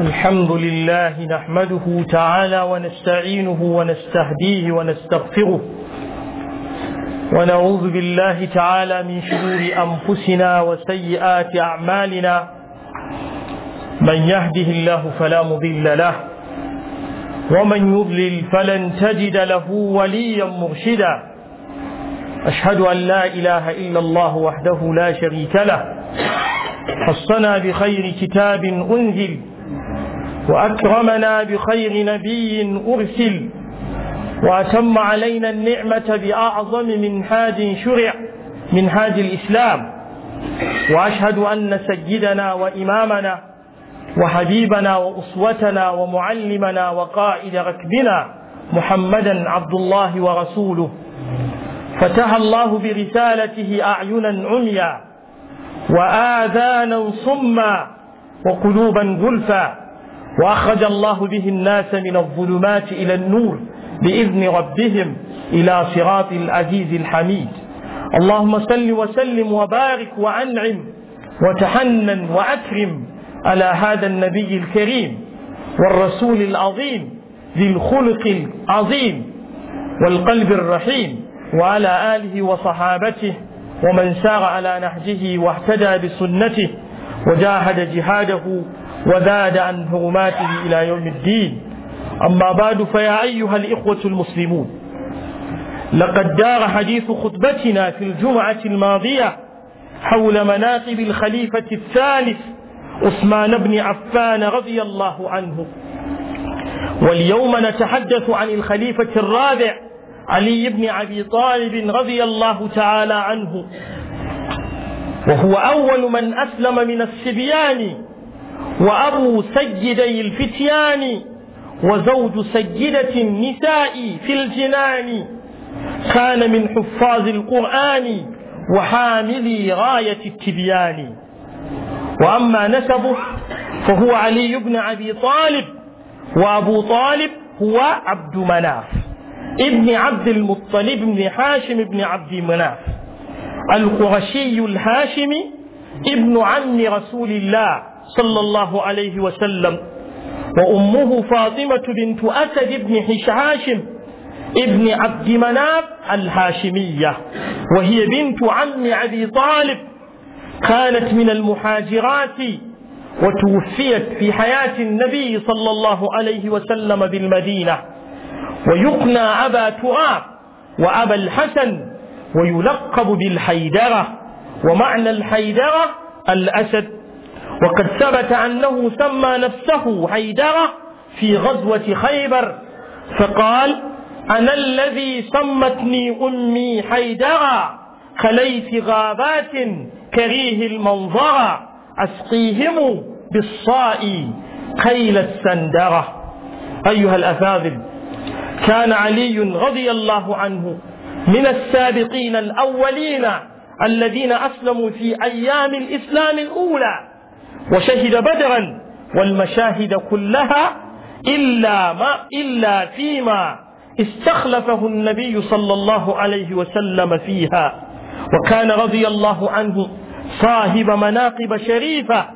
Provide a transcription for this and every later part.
الحمد لله نحمده تعالى ونستعينه ونستهديه ونستغفره ونعوذ بالله تعالى من شرور انفسنا وسيئات اعمالنا من يهده الله فلا مضل له ومن يضلل فلن تجد له وليا مرشدا اشهد ان لا اله الا الله وحده لا شريك له حصنا بخير كتاب انزل وأكرمنا بخير نبي أرسل وأتم علينا النعمة بأعظم منهاج شرع منهاج الإسلام وأشهد أن سيدنا وإمامنا وحبيبنا وأسوتنا ومعلمنا وقائد ركبنا محمدا عبد الله ورسوله فتح الله برسالته أعينا عميا وآذانا صما وقلوبا غلفا وأخرج الله به الناس من الظلمات إلى النور بإذن ربهم إلى صراط العزيز الحميد اللهم صل وسلم وبارك وأنعم وتحنن وأكرم على هذا النبي الكريم والرسول العظيم ذي الخلق العظيم والقلب الرحيم وعلى آله وصحابته ومن سار على نهجه واهتدى بسنته وجاهد جهاده وزاد عن حرماته إلى يوم الدين أما بعد فيا أيها الإخوة المسلمون لقد دار حديث خطبتنا في الجمعة الماضية حول مناقب الخليفة الثالث عثمان بن عفان رضي الله عنه واليوم نتحدث عن الخليفة الرابع علي بن أبي طالب رضي الله تعالى عنه وهو أول من أسلم من الصبيان وأبو سيدي الفتيان وزوج سيدة النساء في الجنان كان من حفاظ القرآن وحاملي راية التبيان وأما نسبه فهو علي بن أبي طالب وأبو طالب هو عبد مناف ابن عبد المطلب بن هاشم بن عبد مناف القرشي الهاشمي ابن عم رسول الله صلى الله عليه وسلم وأمه فاطمة بنت أسد بن هاشم ابن عبد مناف الهاشمية وهي بنت عم أبي طالب كانت من المهاجرات وتوفيت في حياة النبي صلى الله عليه وسلم بالمدينة ويقنى أبا تراب وأبا الحسن ويلقب بالحيدرة ومعنى الحيدرة الأسد وقد ثبت أنه سمى نفسه حيدرة في غزوة خيبر فقال أنا الذي سمتني أمي حيدرة خليت غابات كريه المنظرة أسقيهم بالصاء خيل السندرة أيها الأفاذل كان علي رضي الله عنه من السابقين الأولين الذين أسلموا في أيام الإسلام الأولى وشهد بدرا والمشاهد كلها إلا, ما إلا فيما استخلفه النبي صلى الله عليه وسلم فيها وكان رضي الله عنه صاحب مناقب شريفة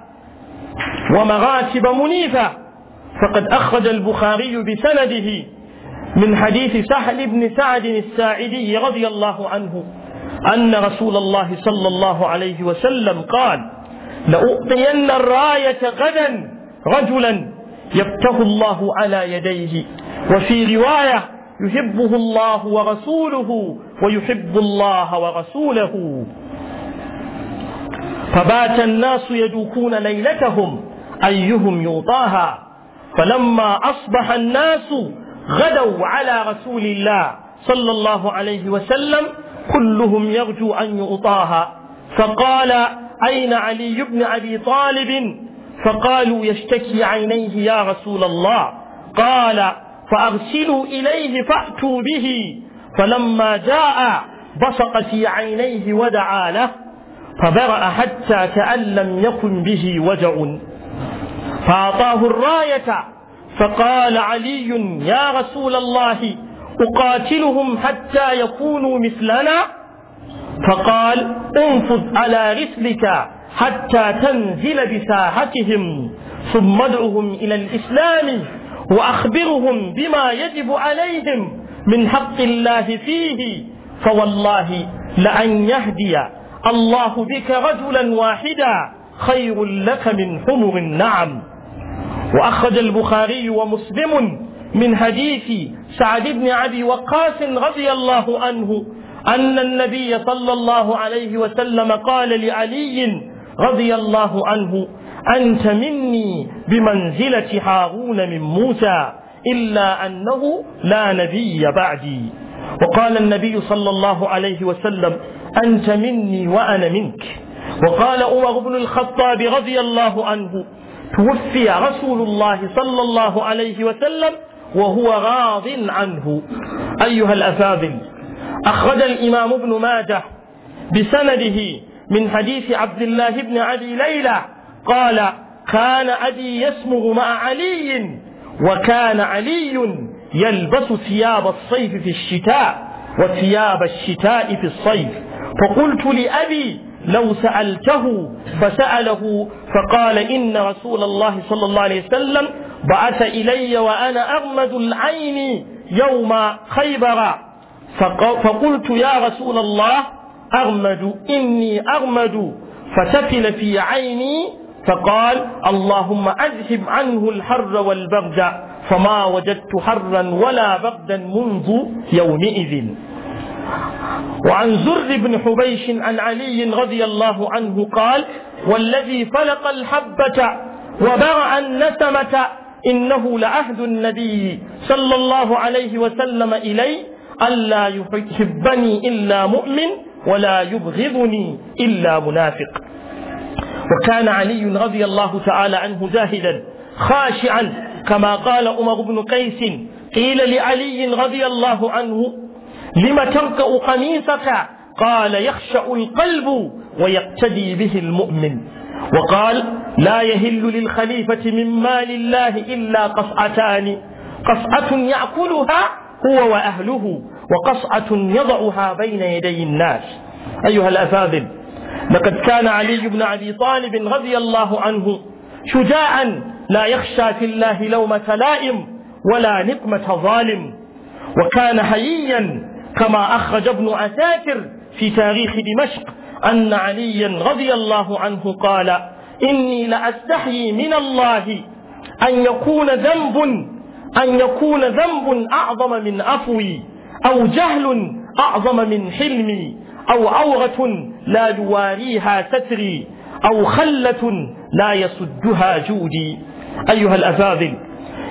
ومراتب منيفة فقد أخرج البخاري بسنده من حديث سهل بن سعد الساعدي رضي الله عنه أن رسول الله صلى الله عليه وسلم قال لأعطين الراية غدا رجلا يبتغ الله على يديه وفي رواية يحبه الله ورسوله ويحب الله ورسوله فبات الناس يدوكون ليلتهم أيهم يوطاها فلما أصبح الناس غدوا على رسول الله صلى الله عليه وسلم كلهم يرجو أن يؤطاها فقال أين علي بن أبي طالب فقالوا يشتكي عينيه يا رسول الله قال فأرسلوا إليه فأتوا به فلما جاء بصق في عينيه ودعا له فبرأ حتى كأن لم يكن به وجع فأعطاه الراية فقال علي يا رسول الله أقاتلهم حتى يكونوا مثلنا فقال انفض على رسلك حتى تنزل بساحتهم ثم ادعهم الى الاسلام واخبرهم بما يجب عليهم من حق الله فيه فوالله لان يهدي الله بك رجلا واحدا خير لك من حمر النعم واخرج البخاري ومسلم من حديث سعد بن ابي وقاص رضي الله عنه أن النبي صلى الله عليه وسلم قال لعلي رضي الله عنه أنت مني بمنزلة هارون من موسى إلا أنه لا نبي بعدي وقال النبي صلى الله عليه وسلم أنت مني وأنا منك وقال عمر بن الخطاب رضي الله عنه توفي رسول الله صلى الله عليه وسلم وهو راض عنه أيها الأفاضل أخرج الإمام ابن ماجه بسنده من حديث عبد الله بن أبي ليلى قال كان أبي يسمغ مع علي وكان علي يلبس ثياب الصيف في الشتاء وثياب الشتاء في الصيف فقلت لأبي لو سألته فسأله فقال إن رسول الله صلى الله عليه وسلم بعث إلي وأنا أغمد العين يوم خيبر فقلت يا رسول الله أغمد إني أغمد فسفل في عيني فقال اللهم أذهب عنه الحر والبرد فما وجدت حرا ولا بردا منذ يومئذ وعن زر بن حبيش عن علي رضي الله عنه قال والذي فلق الحبة وبرع النسمة إنه لعهد النبي صلى الله عليه وسلم إليه ألا يحبني إلا مؤمن ولا يبغضني إلا منافق وكان علي رضي الله تعالى عنه جاهدا خاشعا كما قال عمر بن قيس قيل لعلي رضي الله عنه لم تركأ قميصك قال يخشع القلب ويقتدي به المؤمن وقال لا يهل للخليفة من مال الله إلا قصعتان قصعة يأكلها هو وأهله وقصعة يضعها بين يدي الناس أيها الأفاضل لقد كان علي بن أبي طالب رضي الله عنه شجاعا لا يخشى في الله لومة لائم ولا نقمة ظالم وكان حييا كما أخرج ابن عساكر في تاريخ دمشق أن عليا رضي الله عنه قال إني لأستحيي من الله أن يكون ذنب أن يكون ذنب أعظم من عفوي أو جهل أعظم من حلمي أو عورة لا يواريها ستري أو خلة لا يسدها جودي أيها الأفاضل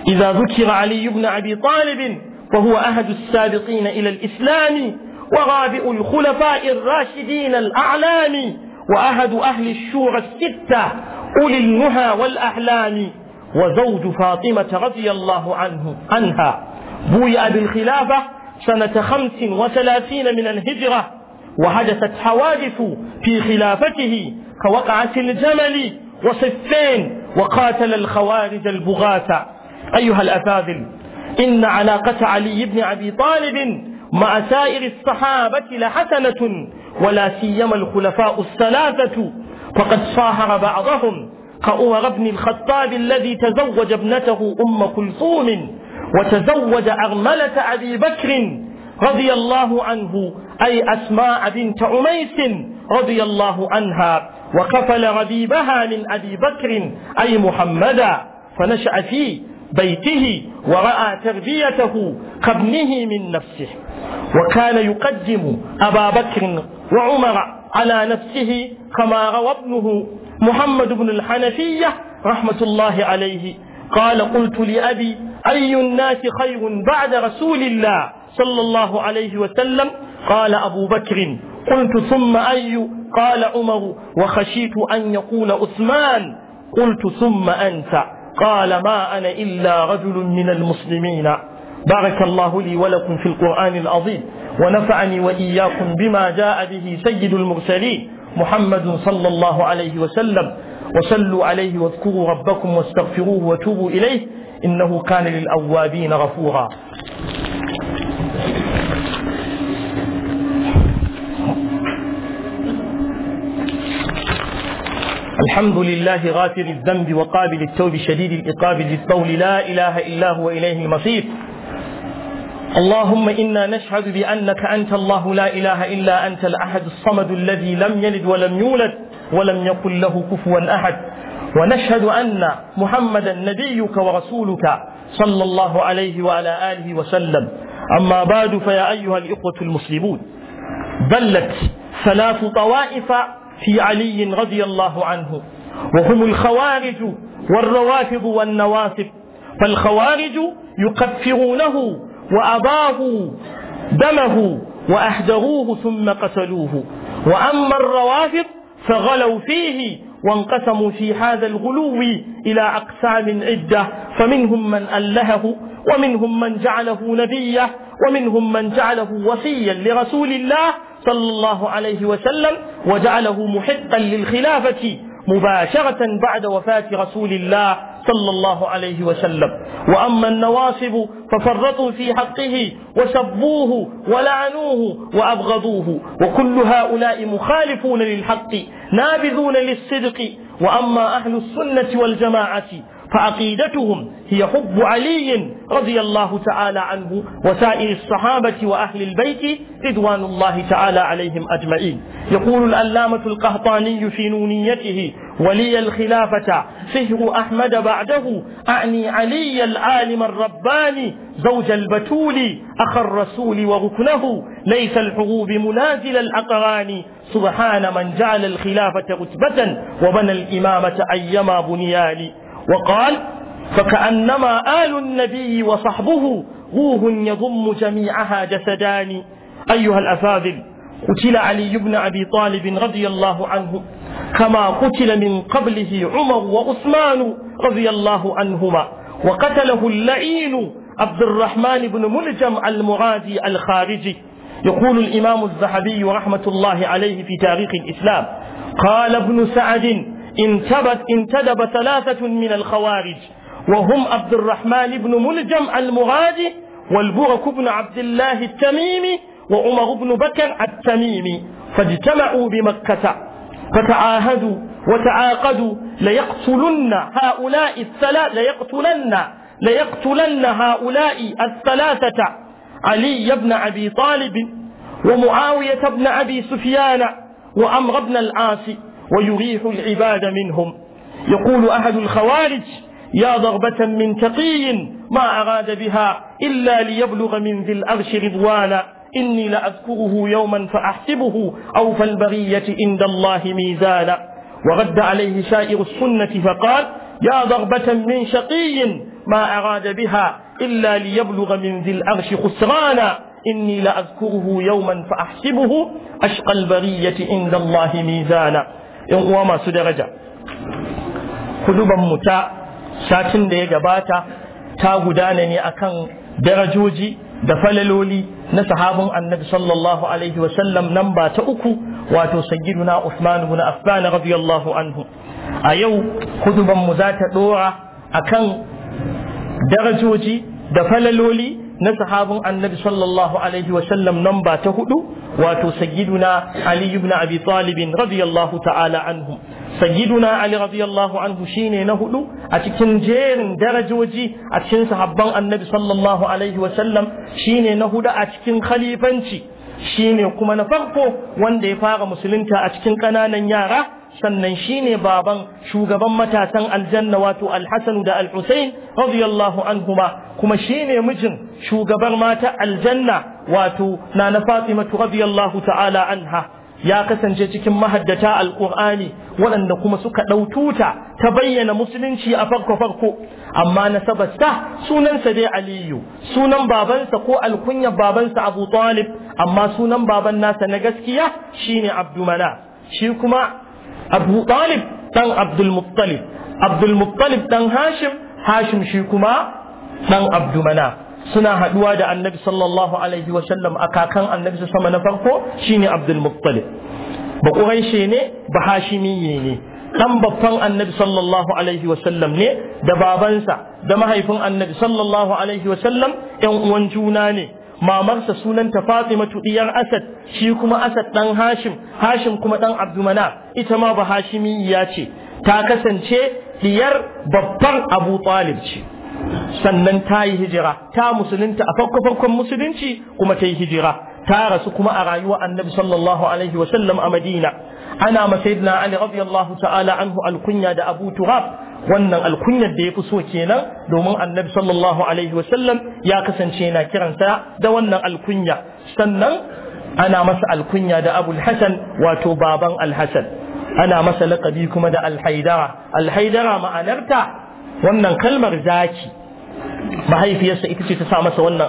إذا ذكر علي بن أبي طالب وهو أهد السابقين إلى الإسلام ورابع الخلفاء الراشدين الأعلام وأهد أهل الشورى الستة أولي النهى والأحلام وزوج فاطمة رضي الله عنه عنها بويع بالخلافة سنة خمس وثلاثين من الهجرة وحدثت حوادث في خلافته كوقعة الجمل وصفين وقاتل الخوارج البغاة أيها الأفاضل إن علاقة علي بن أبي طالب مع سائر الصحابة لحسنة ولا سيما الخلفاء الثلاثة فقد صاهر بعضهم كعمر بن الخطاب الذي تزوج ابنته أم كلثوم وتزوج أرملة أبي بكر رضي الله عنه أي أسماء بنت عميس رضي الله عنها وكفل ربيبها من أبي بكر أي محمدا فنشأ في بيته ورأى تربيته كابنه من نفسه وكان يقدم أبا بكر وعمر على نفسه كما روى ابنه محمد بن الحنفية رحمة الله عليه قال قلت لأبي أي الناس خير بعد رسول الله صلى الله عليه وسلم قال أبو بكر قلت ثم أي قال عمر وخشيت أن يقول عثمان قلت ثم أنت قال ما أنا إلا رجل من المسلمين بارك الله لي ولكم في القرآن العظيم ونفعني وإياكم بما جاء به سيد المرسلين محمد صلى الله عليه وسلم وصلوا عليه واذكروا ربكم واستغفروه وتوبوا إليه إنه كان للأوابين غفورا الحمد لله غافر الذنب وقابل التوب شديد الإقاب ذي لا إله إلا هو إليه المصير اللهم انا نشهد بانك انت الله لا اله الا انت الاحد الصمد الذي لم يلد ولم يولد ولم يقل له كفوا احد ونشهد ان محمدا نبيك ورسولك صلى الله عليه وعلى اله وسلم اما بعد فيا ايها الاخوه المسلمون بلت ثلاث طوائف في علي رضي الله عنه وهم الخوارج والروافض والنواسب فالخوارج يكفرونه وأضاغوا دمه وأهدروه ثم قتلوه وأما الروافض فغلوا فيه وانقسموا في هذا الغلو إلى أقسام عدة فمنهم من ألهه ومنهم من جعله نبيا ومنهم من جعله وصيا لرسول الله صلى الله عليه وسلم وجعله محقا للخلافة مباشرة بعد وفاة رسول الله صلى الله عليه وسلم وأما النواصب ففرطوا في حقه وسبوه ولعنوه وأبغضوه وكل هؤلاء مخالفون للحق نابذون للصدق وأما أهل السنة والجماعة فعقيدتهم هي حب علي رضي الله تعالى عنه وسائر الصحابة وأهل البيت رضوان الله تعالى عليهم أجمعين يقول الألامة القهطاني في نونيته ولي الخلافة فهر أحمد بعده أعني علي العالم الرباني زوج البتول أخ الرسول وركنه ليس الحروب منازل الأقران سبحان من جعل الخلافة رتبة وبنى الإمامة أيما بنيان وقال فكأنما آل النبي وصحبه روح يضم جميعها جسدان أيها الأفاضل قتل علي بن أبي طالب رضي الله عنه كما قتل من قبله عمر وعثمان رضي الله عنهما وقتله اللئيم عبد الرحمن بن ملجم المرادي الخارجي يقول الإمام الذهبي رحمة الله عليه في تاريخ الإسلام قال ابن سعد انتبت انتدب ثلاثة من الخوارج وهم عبد الرحمن بن ملجم المغادي والبرك بن عبد الله التميمي وعمر بن بكر التميمي فاجتمعوا بمكة فتعاهدوا وتعاقدوا ليقتلن هؤلاء الثلاثة ليقتلن ليقتلن هؤلاء الثلاثة علي بن أبي طالب ومعاوية بن أبي سفيان وأمر بن العاص ويريح العباد منهم يقول أحد الخوارج يا ضربة من تقي ما أراد بها إلا ليبلغ من ذي الأرش رضوانا إني لأذكره يوما فأحسبه أو البرية عند الله ميزانا ورد عليه سائر السنة فقال يا ضربة من شقي ما أراد بها إلا ليبلغ من ذي الأرش خسرانا إني لأذكره يوما فأحسبه أشقى البرية عند الله ميزانا yan uwa masu daraja kuduban mu ta satin da ya gabata ta gudana ne akan darajoji da falaloli na sahabin annabi sallallahu alaihi wasallam nan ba ta uku wato sayyiduna Usman ibn Affan radiyallahu anhu a yau kuduban mu za ta dora akan darajoji da falaloli na sahabin annabi sallallahu alaihi wa sallam ba ta hudu wato sayyiduna ali ibn abi talib radiyallahu ta'ala anhu sayyiduna ali radiyallahu anhu shine na hudu a cikin jerin darajoji a cikin sahabban annabi sallallahu alaihi wa sallam shine na hudu a cikin khalifanci shine kuma na farko wanda ya fara musulunta a cikin ƙananan yara sannan shine baban shugaban matasan aljanna wato Alhassanu da alhusain radiyallahu anhuma kuma shi ne mijin shugabar mata aljanna wato na fatimatu radiyallahu ta'ala anha ya kasance cikin mahaddata alkur'ani waɗanda kuma suka ɗau tuta ta bayyana musulunci a farko farko amma nasabarsa sunansa dai aliyu sunan babansa ko alkunyar babansa abu talib amma sunan baban nasa na gaskiya shine abdumana shi kuma abu talib dan abdul muttalib abdul muttalib dan hashim hashim shi kuma dan abdumana suna haduwa da annabi sallallahu alaihi wa sallam a kakan annabi sama na farko shine abdul muttalib ba quraishe ne ba hashimiyye ne dan babban annabi sallallahu alaihi wa sallam ne da babansa da mahaifin annabi sallallahu alaihi wa sallam yan uwan juna ne mamarsa sunanta Fatimatu diyar Asad shi kuma Asad dan Hashim Hashim kuma dan Abdumana ita ma ba Hashimiyya ce ta kasance diyar babban Abu Talib ce sannan ta yi hijira ta musulunta a farko farkon musulunci kuma ta yi hijira ta rasu kuma a rayuwar annabi sallallahu alaihi wa sallam a Madina ana ma sayyidina Ali radiyallahu ta'ala anhu alkunya da Abu Turab wannan alkunyar da ya fi so kenan domin annabi sallallahu alaihi wasallam ya kasance yana kiransa da wannan alkunya sannan ana masa alkunya da abul hasan wato baban alhasan ana masa laƙabi kuma da alhaidara alhaidara ma'anarta wannan kalmar zaki mahaifiyarsa ita ce ta sa masa wannan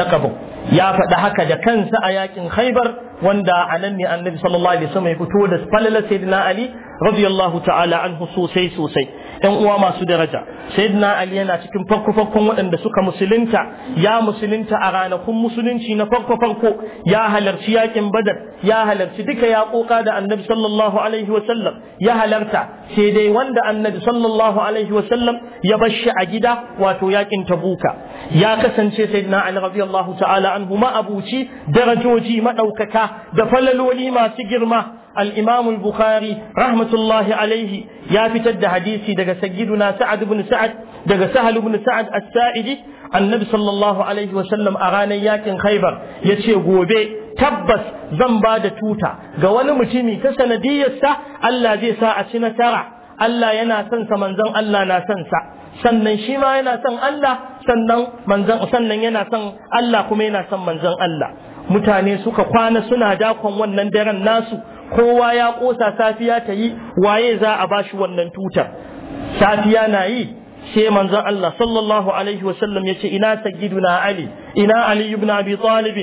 lakabin ya faɗi haka da kansa a yakin khaibar wanda a nan ne annabi sallallahu alaihi wasallam ya fito da falalar sayyidina ali radiyallahu ta'ala anhu sosai sosai yan uwa masu daraja sayyidina ali yana cikin farko farkon waɗanda suka musulunta ya musulunta a ranakun musulunci na farko farko ya halarci yakin badar ya halarci duka yaƙoƙa da annabi sallallahu alaihi wa sallam ya halarta sai dai wanda annabi sallallahu alaihi wa sallam ya bar shi a gida wato yakin tabuka ya kasance sayyidina ali radiyallahu ta'ala anhu ma abuci darajoji madaukaka da falaloli masu girma al-Imam al-Bukhari rahmatullahi alaihi ya fitar da hadisi daga sayyiduna Sa'ad ibn Sa'ad daga Sahal ibn Sa'ad as-Sa'idi annabi sallallahu alaihi wa sallam a ranar yakin Khaibar ce gobe tabbas zan ba da tuta ga wani mutumi ta sanadiyarsa Allah zai sa a ci nasara Allah yana son sa manzon Allah na son sa sannan shi ma yana son Allah sannan yana son Allah kuma yana son manzan Allah mutane suka kwana suna dakon wannan daren nasu kowa ya ƙosa safiya ta yi waye za a bashi wannan tutar safiya na yi sai manzon Allah sallallahu alaihi wasallam ya ce ina sayyiduna Ali ina Ali ibn Abi Talib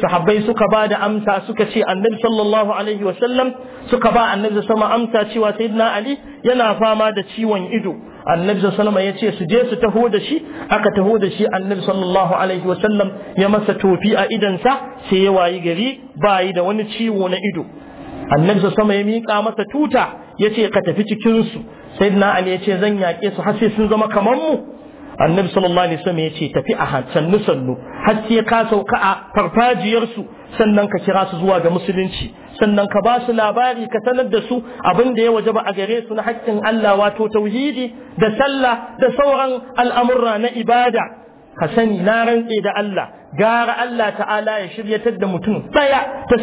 sahabbai suka ba da amsa suka ce annabi sallallahu alaihi wasallam suka ba annabi sama amsa cewa sayyidina Ali yana fama da ciwon ido annabi sallallahu ya ce su je su taho da shi aka taho da shi annabi sallallahu alaihi wasallam ya masa tofi a idansa sai ya wayi gari ba bayi da wani ciwo na ido annabi sa sama ya miƙa masa tuta ya ce ka tafi cikin su sayyidina ali ya ce zan yaƙe su har sai sun zama kamar mu annabi sallallahu alaihi wasallam ya ce tafi a sannu sannu har sai ka sauka a farfajiyarsu sannan ka kira su zuwa ga musulunci sannan ka ba su labari ka sanar da su abin da ya wajaba a gare su na haƙƙin Allah wato tauhidi da sallah da sauran al'amurra na ibada ka sani na rantse da Allah gara Allah ta'ala ya shiryatar da mutum tsaya ta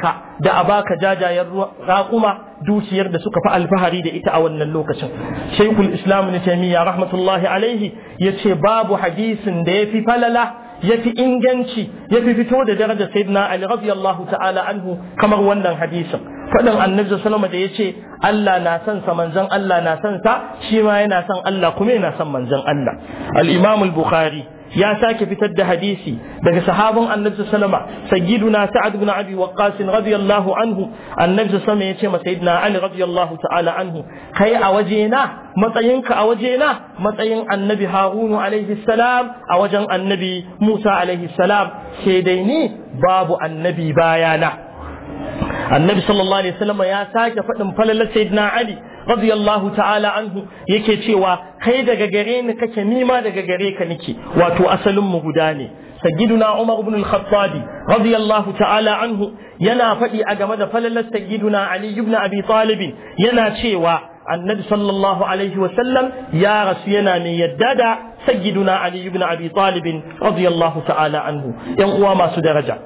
ka da a baka jajayen raƙuma dukiyar da suka fi alfahari da ita a wannan lokacin shaikul islam na taimiyya rahmatullahi alaihi ya ce babu hadisin da ya fi falala ya fi inganci ya fi fito da darajar sayyidina ali radiyallahu ta'ala anhu kamar wannan hadisin faɗin annabi salama da ya ce Allah na son sa manzon Allah na son sa shi ma yana son Allah kuma yana son manzon Allah al-imam al-bukhari ya sake fitar da hadisi daga sahabban annabi salama. sayyiduna sa'ad ibn abi waqqas radiyallahu anhu annabi sallama yace ma sayyidina ali radiyallahu ta'ala anhu kai a wajena matsayinka a wajena matsayin annabi harunu alaihi salam a wajen annabi musa alaihi salam sai dai ni babu annabi bayana annabi sallallahu alaihi wasallam ya sake faɗin falalar sayyidina ali radiyallahu ta'ala anhu yake cewa kai daga gare ni kake nima daga gare ka nake wato asalin mu guda ne sayyiduna Umar ibn al-Khattabi radiyallahu ta'ala anhu yana faɗi a game da falalar sayyiduna Ali ibn Abi Talib yana cewa annabi sallallahu alaihi wa sallam ya rasu yana mai yadda da sayyiduna Ali ibn Abi Talib radiyallahu ta'ala anhu yan uwa masu daraja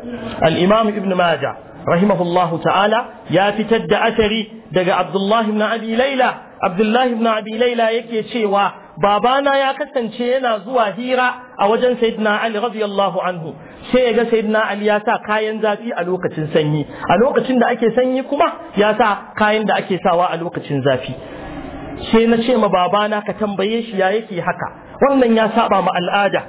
al-Imam Ibn Majah rahimahullahu ta'ala ya fitar da asari daga Abdullahi ibn Abi Laila. abdullahi ibn abi laila yake cewa babana ya kasance yana zuwa hira a wajen sayyidina ali radiyallahu anhu sai ya ga sayyidina ali ya sa kayan zafi a lokacin sanyi a lokacin da ake sanyi kuma ya sa kayan da ake sawa a lokacin zafi sai na ce ma babana ka tambaye shi ya yake haka wannan ya saba ma al'ada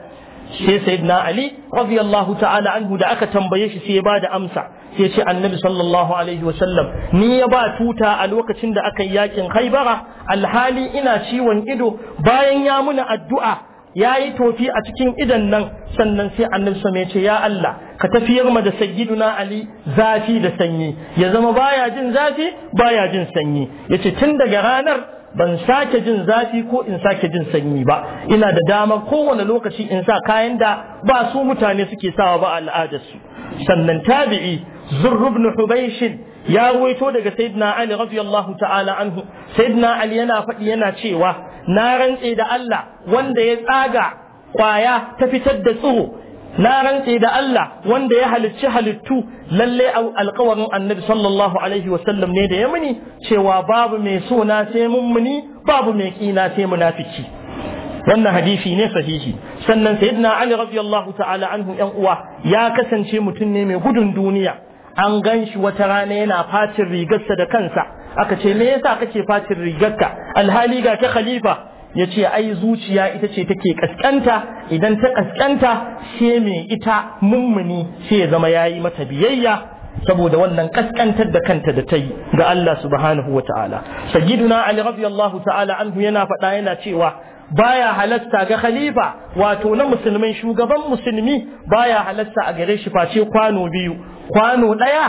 sai sayyidina ali radiyallahu ta'ala anhu da aka tambaye shi sai ya bada amsa sai ce annabi sallallahu alaihi wa sallam ni ya ba tuta a lokacin da aka yi yakin haibara alhali ina ciwon ido bayan ya muna addu'a ya yi tofi a cikin idan nan sannan sai annabi sama ya ce ya Allah ka tafiyar ma da sayyiduna ali zafi da sanyi ya zama baya jin zafi baya jin sanyi yace tun daga ranar ban sake jin zafi ko in sake jin sanyi ba ina da dama kowane lokaci in sa kayan da ba su mutane suke sawa ba al'adarsu sannan tabi'i zurrub ibn ya ruwaito daga sayyidina ali radiyallahu ta'ala anhu sayyidina ali yana faɗi yana cewa na rantse da Allah wanda ya tsaga kwaya ta fitar da tsiro na rantse da Allah wanda ya halicci halittu lalle alkawarin annabi sallallahu alaihi wasallam ne da ya muni cewa babu mai suna sai mummuni babu mai kina sai munafiki wannan hadisi ne sahihi sannan sayyidina ali radiyallahu ta'ala anhu yan uwa ya kasance mutum ne mai gudun duniya an gan shi wata rana yana facin rigarsa da kansa aka ce me yasa kake facin rigarka alhali ga ta khalifa ya ce ai zuciya ita ce take kaskanta idan ta kaskanta sai mai ita mummuni sai ya zama ya yi mata biyayya saboda wannan kaskantar da kanta da ta yi ga Allah subhanahu wa ta'ala sayyiduna ali radiyallahu ta'ala anhu yana faɗa yana cewa baya halatta ga khalifa wato na musulmin shugaban musulmi baya halatta a gare shi face kwano biyu kwano ɗaya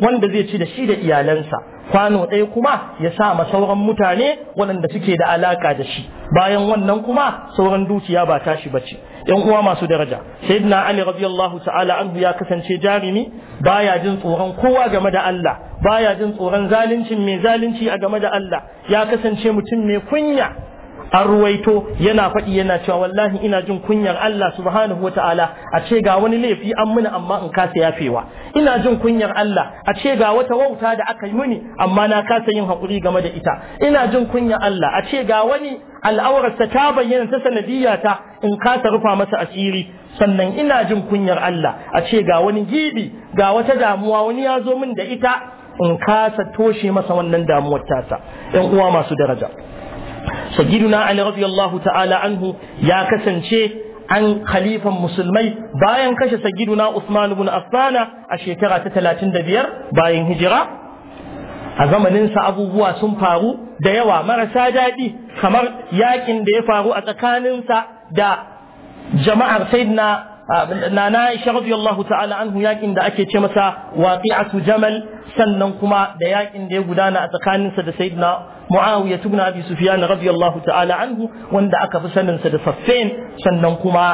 wanda zai ci da shi da iyalansa kwano ɗaya kuma ya sa ma sauran mutane waɗanda suke da alaka da shi bayan wannan kuma sauran dukiya ba tashi bace yan uwa masu daraja sayyidina ali radiyallahu ta'ala anhu ya kasance jarimi baya jin tsoron kowa game da Allah baya jin tsoron zaluncin mai zalunci a game da Allah ya kasance mutum mai kunya an ruwaito yana faɗi yana cewa wallahi ina jin kunyar Allah subhanahu wa ta'ala a ce ga wani laifi an mini amma in kasa yafewa ina jin kunyar Allah a ce ga wata wauta da aka yi mini amma na kasa yin haƙuri game da ita ina jin kunyar Allah a ce ga wani al'aurarsa ta bayyana ta sanadiyya ta in kasa rufa masa asiri sannan ina jin kunyar Allah a ce ga wani gibi ga wata damuwa wani ya zo min da ita in kasa toshe masa wannan damuwar tasa ‘yan uwa masu daraja na ali radiyallahu ta'ala anhu ya kasance an khalifan musulmai bayan kashe na usman ibn affana a shekara ta 35 bayan hijira a zamaninsa abubuwa sun faru da yawa marasa daɗi kamar yakin da ya faru a tsakaninsa da jama'ar sayyidina nana Aisha radiyallahu ta'ala anhu yakin da ake ce masa waqi'atu jamal sannan kuma da yakin da ya gudana a tsakaninsa da sayyidina Muawiya ibn Abi Sufyan radiyallahu ta'ala anhu wanda aka fi sanin sa da Saffin sannan kuma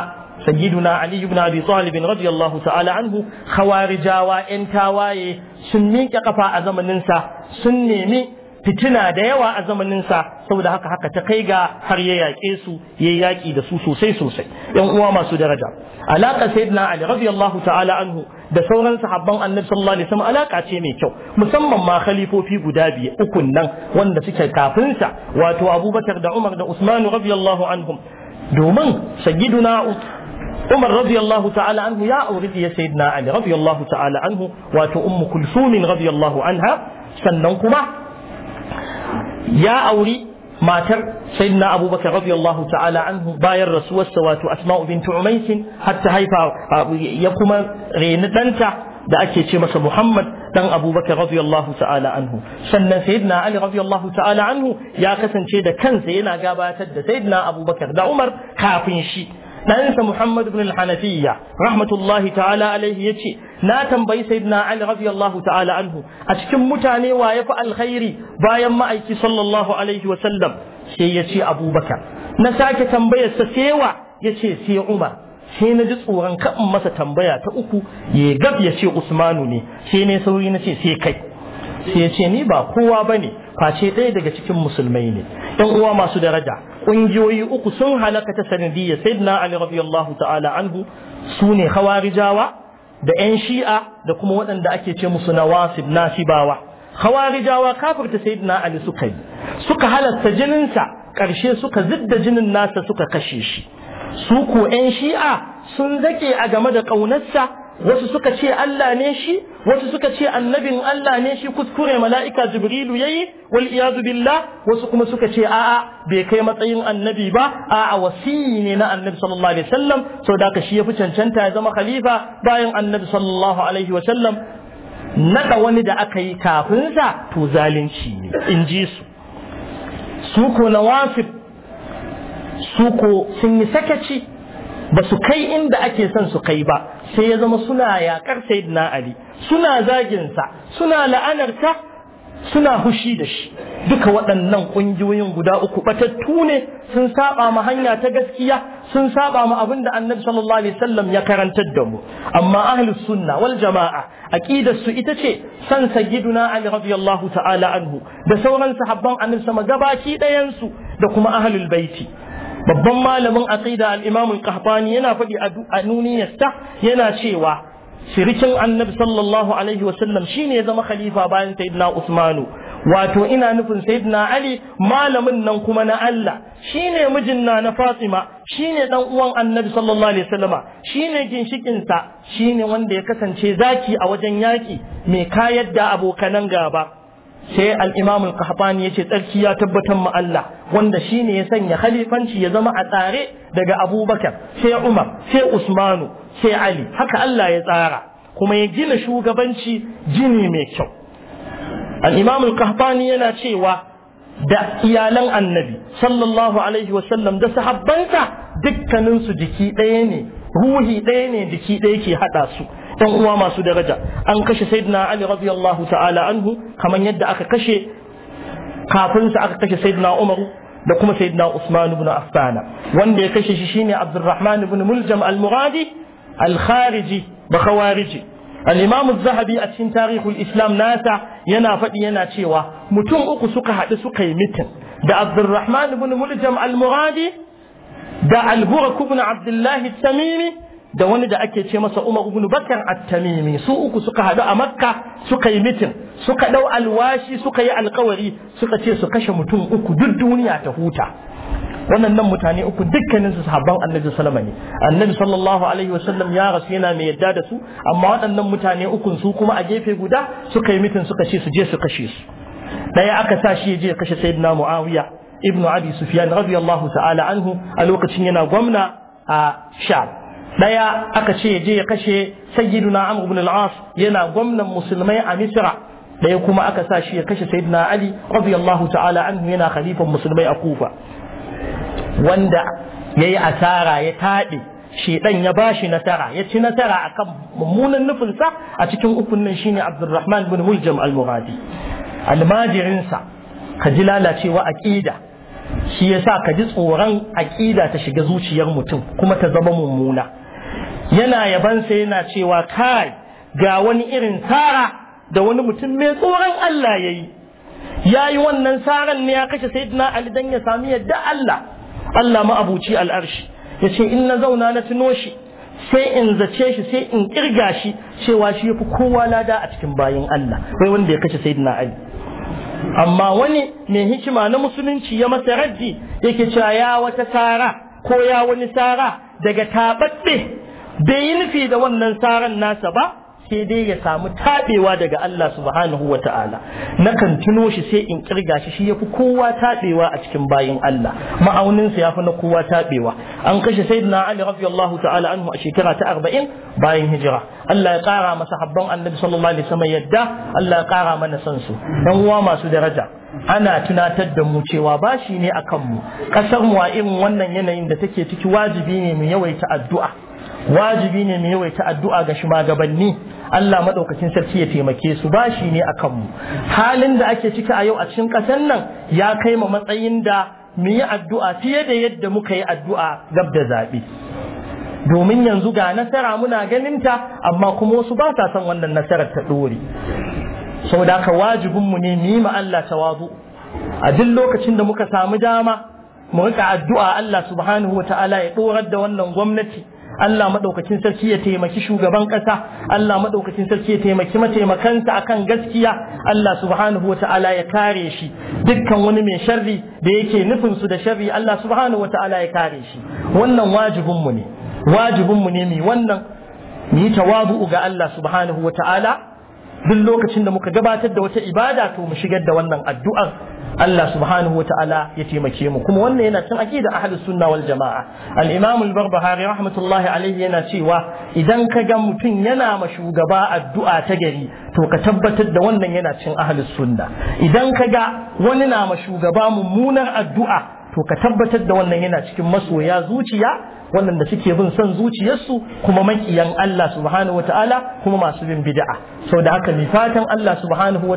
sayyiduna Ali ibn Abi Talib radiyallahu ta'ala anhu khawarijawa yan tawaye sun miƙe kafa a zamanin sa sun nemi fitina da yawa a zamaninsa saboda haka haka ta kai ga har ya yaƙe su ya yaƙi da su sosai sosai yan uwa masu daraja alaƙa sayyidina ali radiyallahu ta'ala anhu da sauran sahabban annabi sallallahu alaihi wasallam alaƙa ce mai kyau musamman ma khalifofi guda biyu ukun nan wanda suke kafin sa wato abubakar da umar da usman radiyallahu anhum domin sayyiduna umar رضي الله تعالى عنه يا أورد يا سيدنا علي رضي الله تعالى عنه واتو أم كلثوم sannan kuma ya auri matar sayyidina abubakar radiyallahu ta'ala anhu bayan rasuwarsa wato asma'u bintu umaisin har ta haifa ya kuma reni danta da ake ce masa muhammad dan abubakar radiyallahu ta'ala anhu sannan sayyidina ali radiyallahu ta'ala anhu ya kasance da kansa yana gabatar da sayyidina abubakar da umar kafin shi ɗansa Muhammad ibn al-Hanafiyya rahmatullahi ta'ala alaihi yace na tambayi sayyidina Ali radiyallahu ta'ala anhu a cikin mutane wa yafi alkhairi bayan ma'aiki sallallahu alaihi wa sallam sai yace Abubakar na sake tambayar sa sewa yace sai Umar sai na ji tsoron kan masa tambaya ta uku ya gab yace Usmanu ne sai ne sauri na ce sai kai sai ce ni ba kowa ba ne face ɗaya daga cikin musulmai ne ɗan uwa masu daraja ƙungiyoyi uku sun halaka ta sanadiyya sayyidina ali radiyallahu ta'ala anhu su ne hawarijawa da yan shi'a da kuma waɗanda ake ce musu na nasibawa hawarijawa kafirta sayyidina ali suka yi suka halasta jininsa ƙarshe suka zidda jinin nasa suka kashe shi su ko yan shi'a sun zake a game da ƙaunarsa wasu suka ce Allah ne shi wasu suka ce annabin Allah ne shi kuskure mala'ika jibrilu yayi wal billah wasu kuma suka ce a'a bai kai matsayin annabi ba a'a wasiyi ne na annabi sallallahu alaihi wasallam saboda ka shi yafi cancanta ya zama khalifa bayan annabi sallallahu alaihi wasallam Naɗa wani da aka yi kafin sa to zalunci ne in ji su su ko nawasib su ko sun yi sakaci ba su kai inda ake son su kai ba sai ya zama suna yaƙar sayyidina ali suna zaginsa suna la'anarta suna hushi da shi duka waɗannan ƙungiyoyin guda uku batattu ne sun saba ma hanya ta gaskiya sun saba ma abin da annabi sallallahu alaihi wasallam ya karantar da mu amma ahlus sunna wal jama'a aqidar su ita ce san sayyiduna ali radiyallahu ta'ala anhu da sauran sahabban annabi sama gabaki ɗayan su da kuma ahlul baiti babban malamin aqida al-imam al yana faɗi a nuniyarsa yana cewa shirikin annabi sallallahu alaihi shine ya zama khalifa bayan sayyidina usmanu wato ina nufin sayyidina ali malamin nan kuma na Allah shine mijin na na fatima shine dan uwan annabi sallallahu alaihi wasallama shine ginshikinsa. sa shine wanda ya kasance zaki a wajen yaki mai kayar da abokanan gaba sai al-imam al-qahtani tsarki ya tabbatar ma Allah wanda shine ya sanya khalifanci ya zama a tsare daga Abubakar sai Umar sai Usmanu sai Ali haka Allah ya tsara kuma ya gina shugabanci jini mai kyau al-imam al-qahtani yana cewa da iyalan annabi sallallahu alaihi wasallam da sahabbansa dukkaninsu jiki ɗaya ne ruhi ɗaya ne jiki ɗaya ke haɗa su ɗan uwa masu daraja an kashe sayyidina ali radiyallahu ta'ala anhu kamar yadda aka kashe kafin sa aka kashe sayyidina umar da kuma sayyidina usman ibn affan wanda ya kashe shi shine abdurrahman ibn muljam al-muradi al-khariji ba khawariji al-imam az-zahabi a cikin tarihul islam nasa yana faɗi yana cewa mutum uku suka haɗu suka yi mitin da abdurrahman ibn muljam al-muradi da al-burak ibn abdullahi tamimi da wani da ake ce masa Umar ibn Bakar at-Tamimi su uku suka hadu a Makka suka yi mitin suka dau alwashi suka yi alkawari suka ce su kashe mutum uku duk duniya ta huta wannan mutane uku dukkanin su sahabban Annabi sallama ne Annabi sallallahu alaihi wasallam ya rasu yana mai yadda da su amma waɗannan mutane uku su kuma a gefe guda suka yi mitin suka ce su je su kashe su daya aka sa shi ya je kashe Sayyidina Muawiya ibn Abi Sufyan radiyallahu ta'ala anhu a lokacin yana gwamna a Sham daya aka ce je ya kashe sayyiduna amr ibn al-as yana gwamnan musulmai a misra daya kuma aka sa shi ya kashe sayyiduna ali radiyallahu ta'ala anhu yana khalifan musulmai a kufa wanda yayi asara ya taɗe shedan ya bashi nasara ya ci nasara akan mummunan nufinsa a cikin ukun nan shine abdurrahman ibn muljam al-muradi almajirinsa ka ji lalacewa aqida shi yasa ka ji tsoron aƙida ta shiga zuciyar mutum kuma ta zama mummuna yana sa yana cewa kai ga wani irin tsara da wani mutum mai tsoron Allah ya yi ya yi wannan tsaran ne ya kashe sayyidina Ali dan ya sami yadda Allah Allah ma'abuci al'arshi ya ce in na zauna na tuno shi sai in zace shi sai in kirga shi cewa shi ya fi kowa lada a cikin bayin Allah sai wanda ya kashe sayyidina Ali amma wani mai hikima na musulunci ya masa raddi yake cewa ya wata sara ko ya wani sara daga taɓaɓɓe bai yi nufi da wannan saran nasa ba sai dai ya samu taɓewa daga Allah subhanahu wa ta'ala na kan tuno shi sai in kirga shi shi yafi kowa taɓewa a cikin bayan Allah ma'auninsa ya fi na kowa taɓewa an kashe sayyidina Ali radiyallahu ta'ala anhu a shekara ta arba'in, bayan hijira Allah ya ƙara masa habban annabi sallallahu alaihi wasallam yadda Allah ya ƙara mana san su dan uwa masu daraja ana tunatar da mu cewa bashi ne kan mu ƙasar mu a irin wannan yanayin da take ciki wajibi ne mu yawaita addu'a wajibi ne mu yawaita addu'a ga shi magabanni Allah maɗaukacin sarki ya taimake su Ba shi ne a kanmu. halin da ake ciki a yau a cikin ƙasar nan ya kai ma matsayin da mu yi addu'a fiye da yadda muka yi addu'a gab da zaɓe. Domin yanzu ga nasara muna ganinta amma kuma wasu ba sa son wannan nasarar ta ɗore. Saboda haka wajibinmu ne mu yi ma Allah tawazu. A duk lokacin da muka samu dama mu riƙa addu'a Allah subhanahu wa ta'ala ya ɗorar da wannan gwamnati Allah maɗaukacin sarki ya taimaki shugaban ƙasa. Allah maɗaukacin sarki ya taimaki mataimakansa akan gaskiya Allah subhanahu wataala ya kare shi dukkan wani mai sharri da yake nufin su da sharri Allah subhanahu wataala ya kare shi wannan wajibin mu ne wajibin mu ne mai wannan yi tawabu'u ga Allah subhanahu wataala duk lokacin da muka gabatar da wata ibada to mu shigar da wannan addu'ar Allah subhanahu wa ta'ala ya taimake mu kuma wannan yana cin aqida ahlus sunna wal jamaa al imam al barbahari rahmatullahi alaihi yana cewa idan ka ga mutum yana ma shugaba addu'a ta gari to ka tabbatar da wannan yana cin ahlus sunna idan ka ga wani na ma shugaba mummunar addu'a to ka tabbatar da wannan yana cikin masoya zuciya waɗanda suke bin son zuciyarsu kuma makiyan Allah subhanahu kuma masu bin bid'a da haka mai fatan Allah subhanahu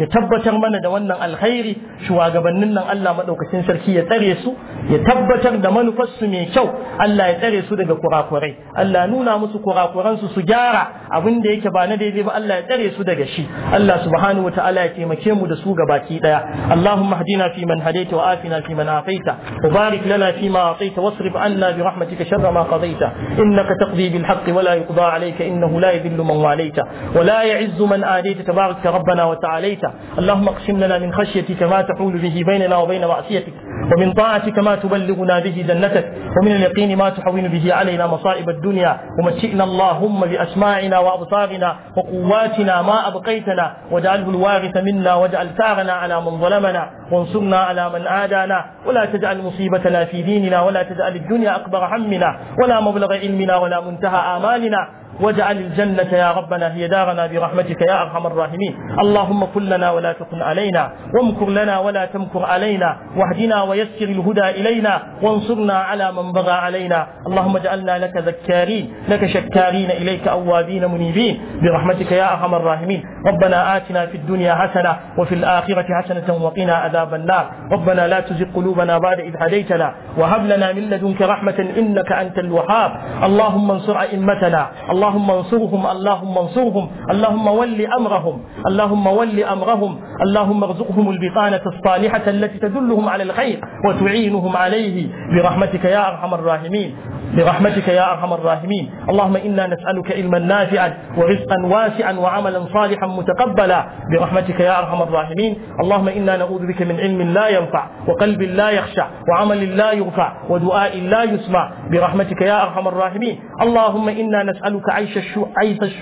ya tabbatar mana da wannan alkhairi shugabannin nan Allah maɗaukacin sarki ya tsare su ya tabbatar da manufarsu mai kyau Allah ya tsare su daga kurakurai Allah nuna musu kurakuransu su gyara abin da yake ba na daidai ba Allah ya tsare su daga shi Allah subhanahu ya taimake mu da su gabaki daya Allahumma hadina fi man hadaita wa afina fi man afaita wa barik lana fi ma ataita wasrif anna bi برحمتك شر ما قضيت إنك تقضي بالحق ولا يقضى عليك إنه لا يذل من واليت ولا يعز من آليت تبارك ربنا وتعاليت اللهم اقسم لنا من خشيتك ما تحول به بيننا وبين معصيتك ومن طاعتك ما تبلغنا به جنتك ومن اليقين ما تحول به علينا مصائب الدنيا ومشئنا اللهم بأسماعنا وأبصارنا وقواتنا ما أبقيتنا واجعله الوارث منا واجعل ثارنا على من ظلمنا وانصرنا على من عادانا ولا تجعل مصيبتنا في ديننا ولا تجعل الدنيا أكبر مبلغ همنا ولا مبلغ علمنا ولا منتهى آمالنا واجعل الجنة يا ربنا هي دارنا برحمتك يا أرحم الراحمين اللهم كن لنا ولا تكن علينا وامكر لنا ولا تمكر علينا واهدنا ويسر الهدى إلينا وانصرنا على من بغى علينا اللهم اجعلنا لك ذكارين لك شكارين إليك أوابين منيبين برحمتك يا أرحم الراحمين ربنا آتنا في الدنيا حسنة وفي الآخرة حسنة وقنا عذاب النار ربنا لا تزغ قلوبنا بعد إذ هديتنا وهب لنا من لدنك رحمة إنك أنت الوهاب اللهم انصر أئمتنا اللهم انصرهم اللهم انصرهم اللهم ول أمرهم اللهم ول أمرهم اللهم ارزقهم البطانة الصالحة التي تدلهم على الخير وتعينهم عليه برحمتك يا أرحم الراحمين برحمتك يا أرحم الراحمين اللهم إنا نسألك علما نافعا ورزقا واسعا وعملا صالحا متقبلا برحمتك يا أرحم الراحمين اللهم إنا نعوذ بك من علم لا ينفع وقلب لا يخشع وعمل لا يرفع ودعاء لا يسمع برحمتك يا أرحم الراحمين اللهم إنا نسألك عيش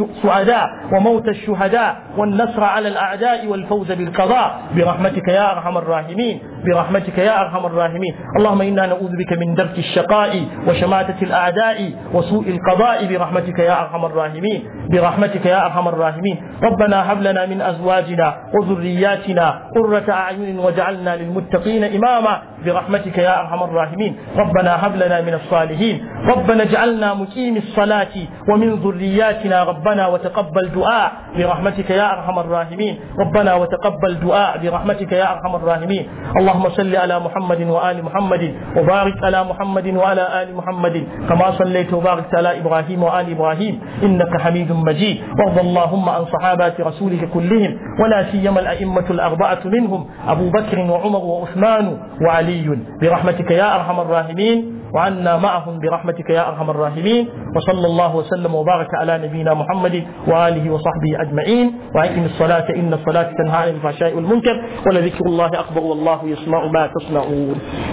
السعداء وموت الشهداء والنصر على الأعداء والفوز بالقضاء برحمتك يا أرحم الراحمين برحمتك يا أرحم الراحمين اللهم إنا نعوذ بك من درك الشقاء وشماتة الأعداء وسوء القضاء برحمتك يا أرحم الراحمين برحمتك يا أرحم الراحمين ربنا هب لنا من أزواجنا وذرياتنا قرة أعين وجعلنا للمتقين إماما برحمتك يا ارحم الراحمين ربنا هب لنا من الصالحين ربنا اجعلنا مقيم الصلاه ومن ذرياتنا ربنا وتقبل دعاء برحمتك يا ارحم الراحمين ربنا وتقبل دعاء برحمتك يا ارحم الراحمين اللهم صل على محمد وال محمد وبارك على محمد وعلى ال محمد كما صليت وباركت على ابراهيم وال ابراهيم انك حميد مجيد وارض اللهم عن صحابه رسولك كلهم ولا سيما الائمه الاربعه منهم ابو بكر وعمر وعثمان وعلي علي برحمتك يا أرحم الراحمين وعنا معهم برحمتك يا أرحم الراحمين وصلى الله وسلم وبارك على نبينا محمد وآله وصحبه أجمعين وأقم الصلاة إن الصلاة تنهى عن الفحشاء والمنكر ولذكر الله أكبر والله يسمع ما تصنعون